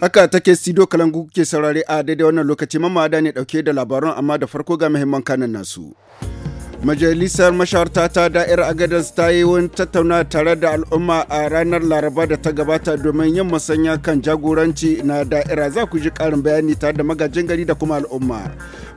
Haka take Sido Kalangu kuke saurare a daidai wannan lokaci mamada ne dauke da labarun amma da farko ga muhimman kanan nasu. Majalisar mashawarta ta da'ir Agadas ta yi wani tattauna tare da al'umma a ranar Laraba da ta gabata domin yin musanya kan jagoranci na da'ira za ku ji karin bayani tare da magajin gari da kuma al'umma.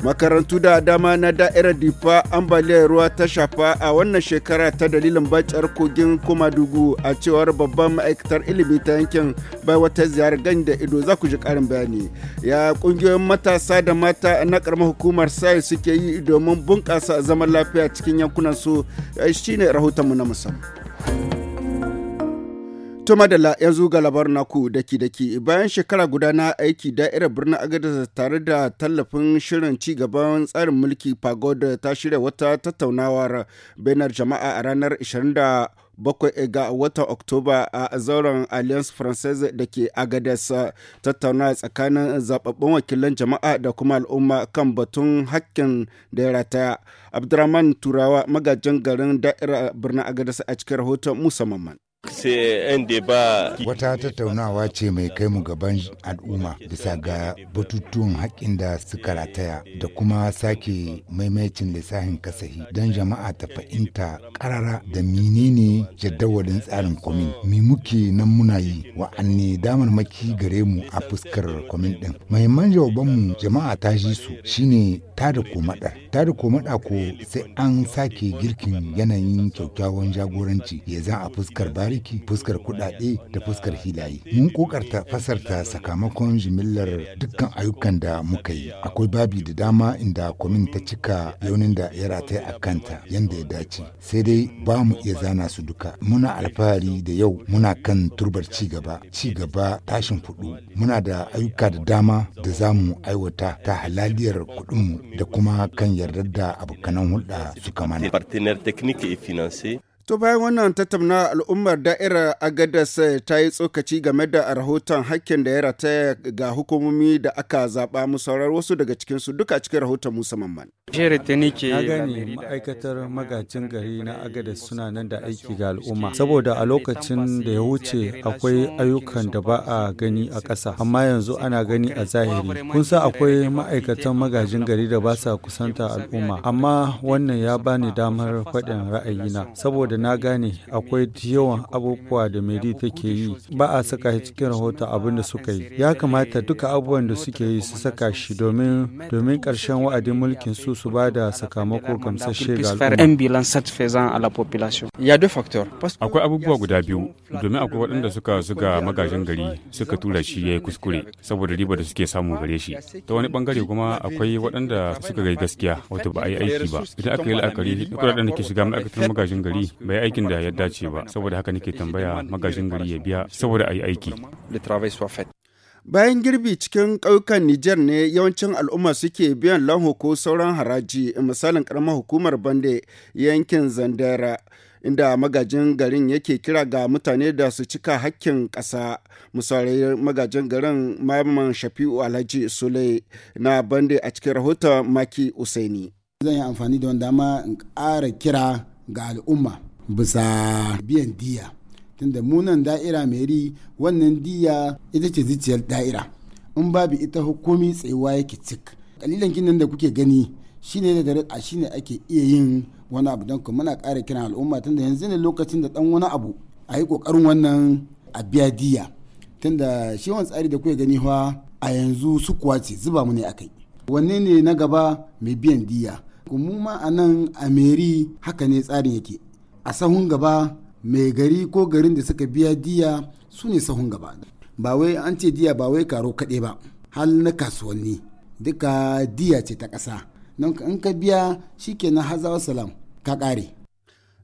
makarantu da dama na da'irar difa ambaliyar ruwa ta shafa a wannan shekara ta dalilin bacar kogin kuma dugu a cewar babban ma'aikatar ilimi ta yankin bai wata ziyarar gani da ido za ku ji karin bayani ya kungiyoyin matasa da mata na karamar hukumar sai suke yi domin bunƙasa zaman lafiya cikin yankunan su eh, shine rahotonmu na musamman To madalla yanzu ga labar naku daki daki bayan shekara guda na aiki da'irar birnin Agadez tare da tallafin shirin ci gaban tsarin mulki Pagoda ta shirya wata tattaunawar bainar jama'a a ranar 20 ga watan oktoba a zauren alliance française da ke agadas tattauna tsakanin zababbun wakilan jama'a da kuma al'umma kan batun hakkin da ya rataya abdurrahman turawa magajin garin da'ira birnin agadas a cikin rahoton musamman Wata tattaunawa ce mai kai mu gaban al'umma bisa ga batutuwan haƙƙin da suka rataya da kuma sake maimacin lissafin kasahi don jama'a ta fahimta ƙarara da menene jadawalin tsarin kwamin. Mi muke nan muna yi wa'anne maki gare mu a fuskar kwamin ɗin. Mahimman jawabanmu jama'a ta ji su shine tada komaɗa. Tada ko sai an sake girkin yanayin kyakkyawan jagoranci ya za a fuskar bari aiki fuskar kudade da fuskar hilaye. Mun kokarta fasarta sakamakon jimillar dukkan ayyukan da muka yi. Akwai babi da dama inda kwamin ta cika launin da ya rataya a kanta yadda ya dace. Sai dai ba mu iya zana su duka. Muna alfahari da yau muna kan turbar ci gaba, ci gaba tashin kuɗu. Muna da ayyuka da dama da za mu aiwata ta halaliyar mu da kuma kan yarda da abokanan hulɗa suka mana. To bayan wannan tattauna al'ummar da'irar Agadas eh, ta yi tsokaci game da rahoton hakkin da ya rataya ga hukumomi da aka zaɓa musaurar wasu daga cikinsu duka cikin rahoton Musa Mamman. Na gani ma'aikatar magajin gari na Agadas suna nan da aiki ga al'umma saboda a lokacin da ya wuce akwai ayyukan da ba a gani a ƙasa amma yanzu ana gani a zahiri. Kun sa akwai ma'aikatan magajin gari da ba sa kusanta al'umma amma wannan ya bani damar faɗin ra'ayina saboda da na gane akwai yawan abubuwa da Mary take yi ba a saka shi cikin rahoton abin da suka yi. Ya kamata duka abubuwan da suke yi su saka shi domin domin ƙarshen wa'adin mulkin su su ba da sakamako gamsasshe ga al'umma. Akwai abubuwa guda biyu domin akwai waɗanda suka suga magajin gari suka tura shi ya yi kuskure saboda riba da suke samu gare shi. Ta wani bangare kuma akwai waɗanda suka gai gaskiya wato ba a yi aiki ba. Idan aka yi la'akari duk da ke shiga ma'aikatar magajin gari bai aikin da ya dace ba saboda haka nake tambaya magajin gari ya biya saboda a yi aiki bayan girbi cikin ƙauyukan Nijar ne yawancin al'umma suke biyan lanho ko sauran haraji misalin ƙaramar hukumar bande yankin zandara inda magajin garin yake kira ga mutane da su cika hakkin ƙasa misali magajin garin maimman shafi'u alhaji sule na bande a cikin rahoton maki usaini zan yi amfani da wanda ma in ƙara kira ga al'umma bisa biyan diya tunda munan da'ira mai wannan diya ita ce zuciyar da'ira in babu ita hukumi tsayuwa yake cik kalilan ginin da kuke gani shine da a shine ake iya yin wani abu don kuma muna ƙara kiran al'umma tunda yanzu ne lokacin da dan wani abu a yi ƙoƙarin wannan a biya diya tunda shi wani tsari da kuke gani fa a yanzu su kuwa ce zuba mu ne akai wanne ne na gaba mai biyan diya kuma ma a nan a meri haka ne tsarin yake a sahun gaba mai gari ko garin da suka biya diya su ne sahun gaba ba wai an ce diya ba wai karo kaɗai ba hal na kasuwanni duka diya ce ta ƙasa nan in ka biya shi kenan salam ka ƙare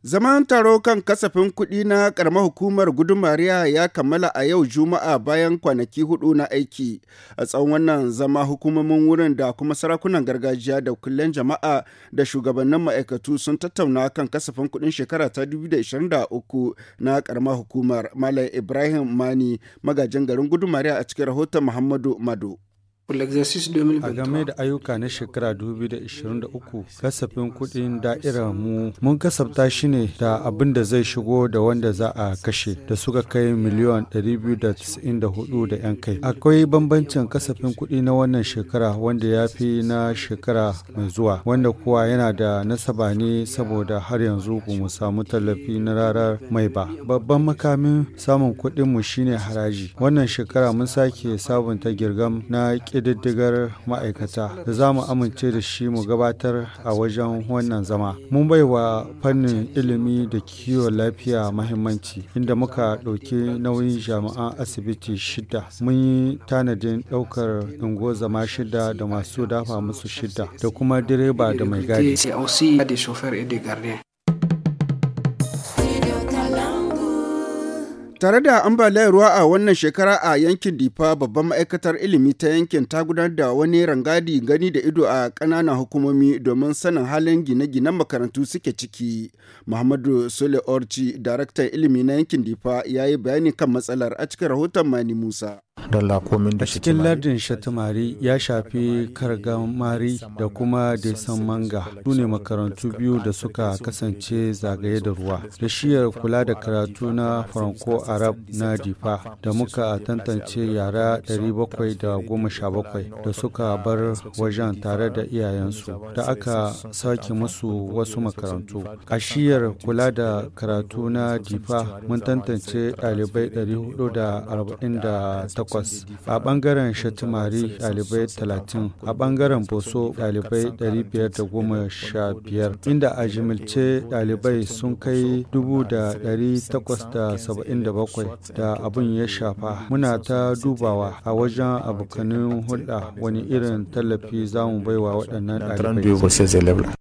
Zaman taro kan kasafin kuɗi na ƙaramar hukumar Gudumariya ya kammala a yau Juma'a bayan kwanaki hudu na aiki. A tsawon wannan zama hukumomin wurin da kuma sarakunan gargajiya da kullen jama'a da shugabannin ma'aikatu sun tattauna kan kasafin kuɗin shekara ta 2023 na ƙaramar hukumar Malam Ibrahim Mani magajin garin Gudumariya a cikin rahoton Muhammadu Mado. A game da ayyuka na shekara 2023 kasafin kuɗin da'irar mu mun kasafta shi ne da abin da zai shigo da wanda za a kashe da suka kai miliyan 294 da 'yan kai. Akwai bambancin kasafin kuɗi na wannan shekara wanda ya fi na shekara mai zuwa wanda kuwa yana da nasaba ne saboda har yanzu ku mu samu tallafi na rarar mai ba. Babban makamin samun kuɗin mu shine haraji. Wannan shekara mun sake sabunta girgam na ƙididdigar ma'aikata da za mu amince da shi mu gabatar a wajen wannan zama. Mun bai wa fannin ilimi da kiwon lafiya mahimmanci inda muka ɗauki nauyin jami'an asibiti shida. Mun yi tanadin ɗaukar zama shida da masu dafa musu shida da kuma direba da mai gadi. Tare da ambaliyar ruwa a wannan shekara a yankin Difa babban ma'aikatar ilimi ta yankin ta gudanar da wani rangadi gani da ido a ƙananan hukumomi domin sanin halin gine-ginen makarantu suke ciki. Muhammadu Sule Orci, daraktan ilimi na yankin Difa, ya yi bayani kan matsalar a cikin rahoton Mani Musa. dala komin da cikin lardin shatimari ya shafi kargamari da kuma desan manga su ne makarantu biyu da suka kasance zagaye da ruwa da shiyar kula da karatu na franco arab na difa da muka tantance yara 717 da suka bar wajen tare da iyayensu da aka sake musu wasu makarantu a shiyar kula da karatu na difa mun tantance ɗalibai 448 takwas a bangaren shatimari ɗalibai talatin a bangaren boso ɗalibai ɗari sha biyar inda a jimilce ɗalibai sun kai dubu da da saba'in abin ya shafa muna ta dubawa a wajen abokanin hulɗa wani irin tallafi zamu mu baiwa waɗannan ɗalibai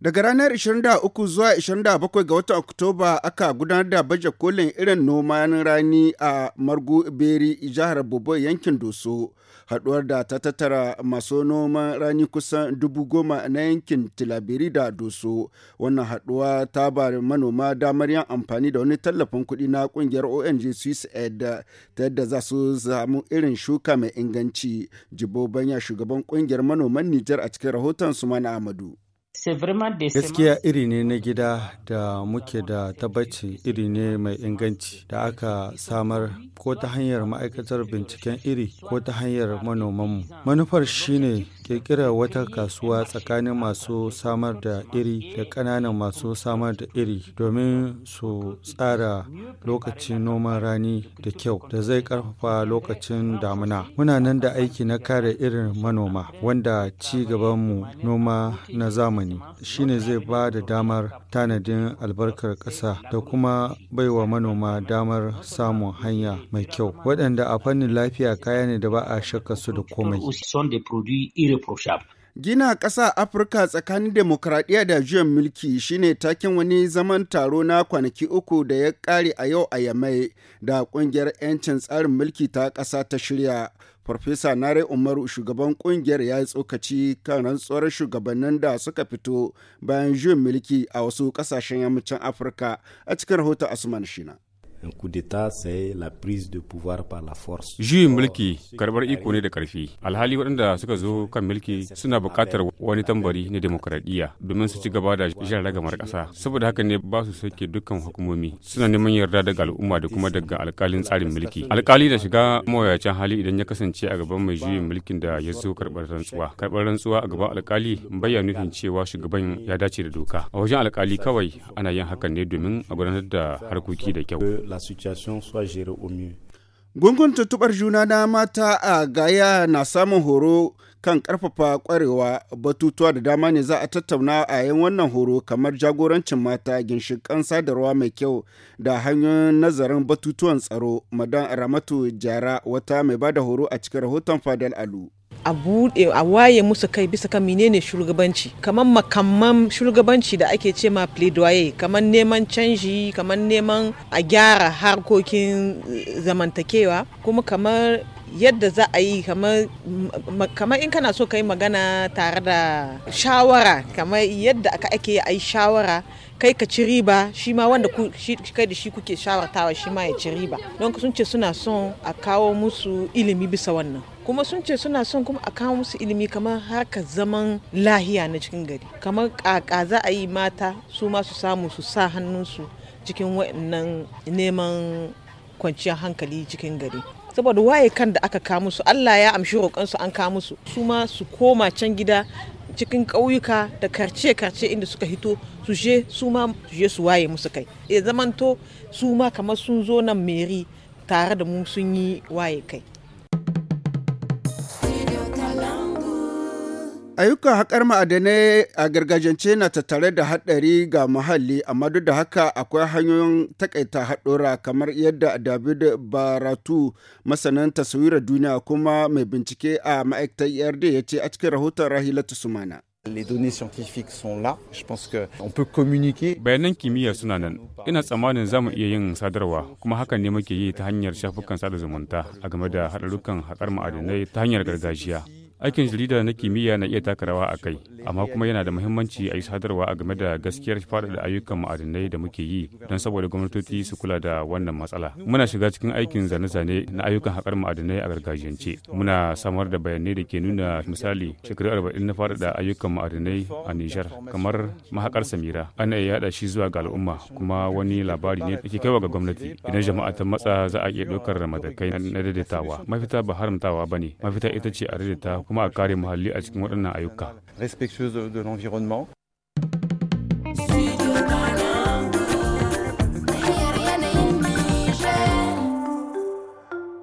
Daga ranar 23 zuwa 27 ga watan Oktoba aka gudanar da baje kolin irin noman rani a Margu Beri jihar Bobo yankin Doso. Haɗuwar da ta tattara masu noman rani kusan dubu goma na yankin Tilabiri da Doso. Wannan haɗuwa ta bar manoma damar yin amfani da wani tallafin kuɗi na kungiyar ONG Swiss Ed, ta yadda za su samu irin shuka mai inganci. Jibo Banya shugaban ƙungiyar manoman Nijar a cikin rahoton su mana Amadu. Gaskiya iri ne na gida da muke da tabbacin iri ne mai inganci da aka samar ko ta hanyar ma'aikatar binciken iri ko ta hanyar manomanmu. Manufar shine kirkirar wata kasuwa tsakanin masu samar da iri da ƙananan masu samar da iri domin su tsara lokacin noman rani da kyau da zai ƙarfafa lokacin damuna. Muna nan da aiki na kare irin manoma wanda ci gabanmu noma na zamani. zamani shine zai ba da damar tanadin albarkar ƙasa da kuma baiwa manoma damar samun hanya mai kyau waɗanda a fannin lafiya kaya ne da ba a shakka su da komai. Gina ƙasa Afirka tsakanin demokradiyya da juyan mulki shine takin wani zaman taro na kwanaki uku da ya ƙare a yau a Yamai da ƙungiyar 'yancin tsarin mulki ta ƙasa ta shirya. Farfesa Nare Umaru shugaban kungiyar ya yi tsokaci kan rantsuwar shugabannin da suka fito bayan juyin mulki a wasu kasashen yammacin Afirka a cikin rahoton Asuman Shina. un coup de la la prise pouvoir par force. Juyin mulki karbar iko ne da karfi. Alhali waɗanda suka zo kan mulki suna buƙatar wani tambari na demokradiyya domin su ci gaba da jan ragamar ƙasa. Saboda haka ne ba su dukkan hukumomi. Suna neman yarda daga al'umma da kuma daga alƙalin tsarin mulki. Alƙali da shiga mawayacin hali idan ya kasance a gaban mai juyin mulkin da ya zo karɓar rantsuwa. Karɓar rantsuwa a gaban alƙali bayyana nufin cewa shugaban ya dace da doka. A wajen alƙali kawai ana yin hakan ne domin a gudanar da harkoki da kyau. la situation soit gérée au mieux. Gungun tutubar juna na mata a gaya na samun horo kan karfafa ƙwarewa batutuwa da dama ne za a tattauna a yin wannan horo kamar jagorancin mata ginshikan sadarwa mai kyau da hanyoyin nazarin batutuwan tsaro madan ramatu jara wata mai bada horo a cikin rahoton fadal alu. a buɗe a waye musu kai bisa kan menene shugabanci kamar makamman shugabanci da ake ce ma pledoyer kamar neman canji kamar neman a gyara harkokin zamantakewa kuma kamar yadda za a yi kamar in kana so ka yi magana tare da shawara kamar yadda aka ake yi a yi shawara kai ka ci riba shi ma wanda kai da shi kuke shawartawa shi ma ya ci riba don sun ce suna son a kawo musu ilimi bisa wannan kuma sun ce suna son kuma a kawo musu ilimi kamar harkar zaman lahiya na cikin gari kamar kaka za a yi mata su ma su samu su sa hannunsu cikin wa'annan neman kwanciyar hankali cikin gari saboda waye kan da aka kawo musu allah ya amshi roƙonsu an kawo musu su ma su koma can gida cikin ƙauyuka da karce-karce inda suka hito su je su ma su je su waye musu kai ya zamanto su ma kamar sun zo nan meri tare da mu sun yi waye kai Ayyukan haƙar ma'adanai a gargajiyance na tattare da haɗari ga muhalli, amma duk da haka akwai hanyoyin takaita haɗura kamar yadda David Baratu, masanin taswirar duniya kuma mai bincike a ma'aikatar ERD ya ce a cikin rahoton Rahilatu Sumana. Les données Bayanan kimiyya suna nan. Ina tsammanin za mu iya yin sadarwa kuma hakan ne muke yi ta hanyar shafukan sada zumunta a game da haɗarukan haƙar ma'adinai ta hanyar gargajiya. Aikin jarida na kimiyya na iya taka rawa a kai, amma kuma yana da muhimmanci a yi sadarwa a game da gaskiyar faɗaɗa ayyukan ma'adinai da muke yi don saboda gwamnatoci su kula da wannan matsala. Muna shiga cikin aikin zane-zane na ayyukan haƙar ma'adinai a gargajiyance. Muna samar da bayanai da ke nuna misali shekaru arba'in na faɗaɗa ayyukan ma'adinai a Nijar kamar mahaƙar Samira. Ana iya yaɗa shi zuwa ga al'umma kuma wani labari ne da ke kaiwa ga gwamnati. Idan jama'a ta matsa za a iya ɗaukar matakai na daidaitawa. Mafita ba haramtawa ba ne, mafita ita ce a daidaita kuma a kare muhalli a cikin waɗannan ayyuka.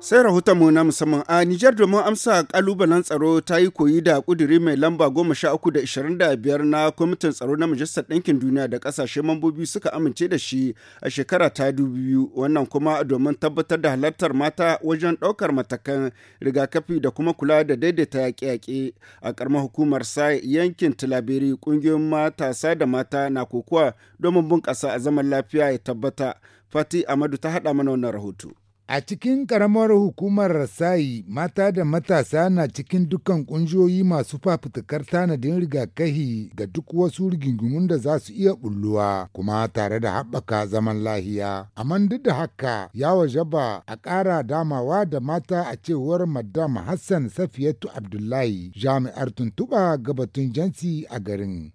Sai rahoton mu na musamman a Nijar domin amsa kalubalen tsaro ta yi koyi da kuduri mai lamba goma sha 25 na kwamitin tsaro na Majalisar Ɗinkin Duniya da ƙasashe mambobi suka amince da shi a shekara ta biyu wannan kuma domin tabbatar da halartar mata wajen ɗaukar matakan rigakafi da kuma kula da daidaita yaƙe-yaƙe a ƙarmar hukumar sa yankin Tilaberi ƙungiyoyin matasa da mata na kokowa domin bunƙasa a zaman lafiya ya tabbata. Fati Amadu ta haɗa mana wannan rahoto. A cikin ƙaramar hukumar Sai, mata da matasa na cikin dukkan ƙungiyoyi masu fafutukar tanadin rigakahi ga duk wasu rigingimun da za su iya bulluwa kuma tare da haɓaka zaman lahiya. Amma duk da haka ya waje ba a ƙara damawa da mata a cewar Madam Hassan Safiyatu Abdullahi jami'ar tuntuɓa gabatun jansi a garin.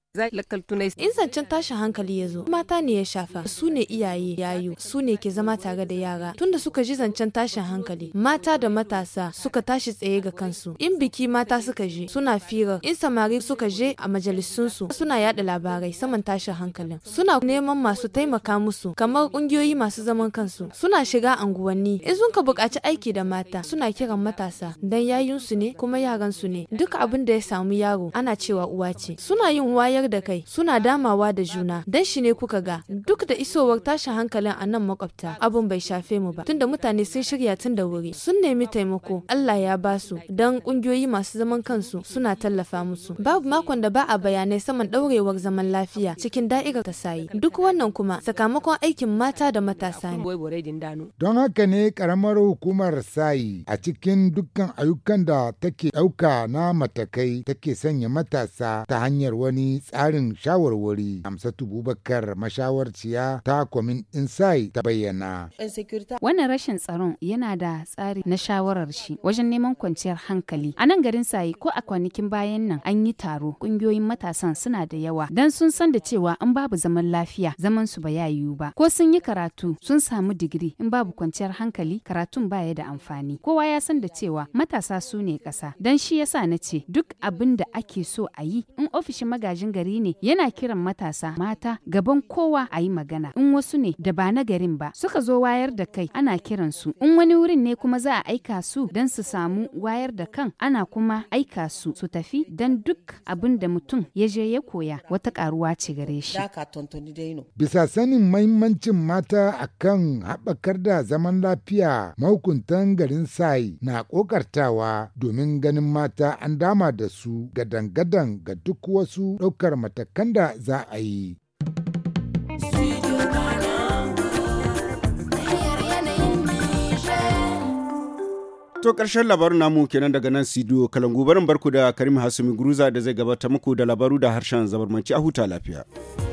In zancen tashin hankali ya zo, mata ne ya shafa, su ne iyaye yayu su ne ke zama tare da yara. Tunda suka ji zancen tashin hankali, mata da matasa suka tashi tsaye ga kansu. In biki mata suka je, suna firar, in samari suka je a majalisunsu, suna yada labarai saman tashin hankalin. Suna neman masu taimaka musu, kamar kungiyoyi masu zaman kansu. Suna shiga anguwanni, in sun ka buƙaci aiki da mata, suna kiran matasa, dan yayunsu ne kuma yaransu ne. Duk abin da ya samu yaro, ana cewa uwa ce. Suna yin wayar ciyar da kai suna damawa da juna dan shi ne kuka ga duk da isowar tashin hankalin a nan makwabta abun bai shafe mu ba tunda mutane sun shirya tun da wuri sun nemi taimako Allah ya ba su dan kungiyoyi masu zaman kansu suna tallafa musu babu makon da ba a bayanai saman daurewar zaman lafiya cikin da'irar ta sayi duk wannan kuma sakamakon aikin mata da matasa ne don haka ne karamar hukumar sayi a cikin dukkan ayyukan da take dauka na matakai take sanya matasa ta hanyar wani tsarin shawarwari amsatu bubakar mashawarciya ta kwamin insai ta bayyana wannan rashin tsaron yana da tsari na shawarar shi wajen neman kwanciyar hankali a nan garin sayi ko a kwanakin bayan nan an yi taro kungiyoyin matasan suna da yawa dan sun san da cewa in babu zaman lafiya zaman su ba ya yiwu ba ko sun yi karatu sun samu digiri in babu kwanciyar hankali karatun baya da amfani kowa ya san da cewa matasa su ne kasa. dan shi yasa na ce duk abin da ake so a yi in ofishin magajin gari ne yana kiran matasa mata gaban kowa a yi magana in wasu ne da ba na garin ba suka zo wayar da kai ana kiran su in wani wurin ne kuma za a aika su don su samu wayar da kan ana kuma aika su su tafi don duk abin da mutum ya je ya koya wata karuwa ce gare shi bisa sanin mahimmancin mata akan haɓakar da zaman lafiya mahukuntan garin sai na ƙoƙartawa domin ganin mata an dama da su gadan-gadan ga duk wasu ɗaukar ɗaukar matakan da za a yi. To ƙarshen labarin namu kenan daga nan Sidiyo Kalangu barin barku da Karim Hasumi Guruza da zai gabata muku da labaru da harshen zabarmanci a huta lafiya.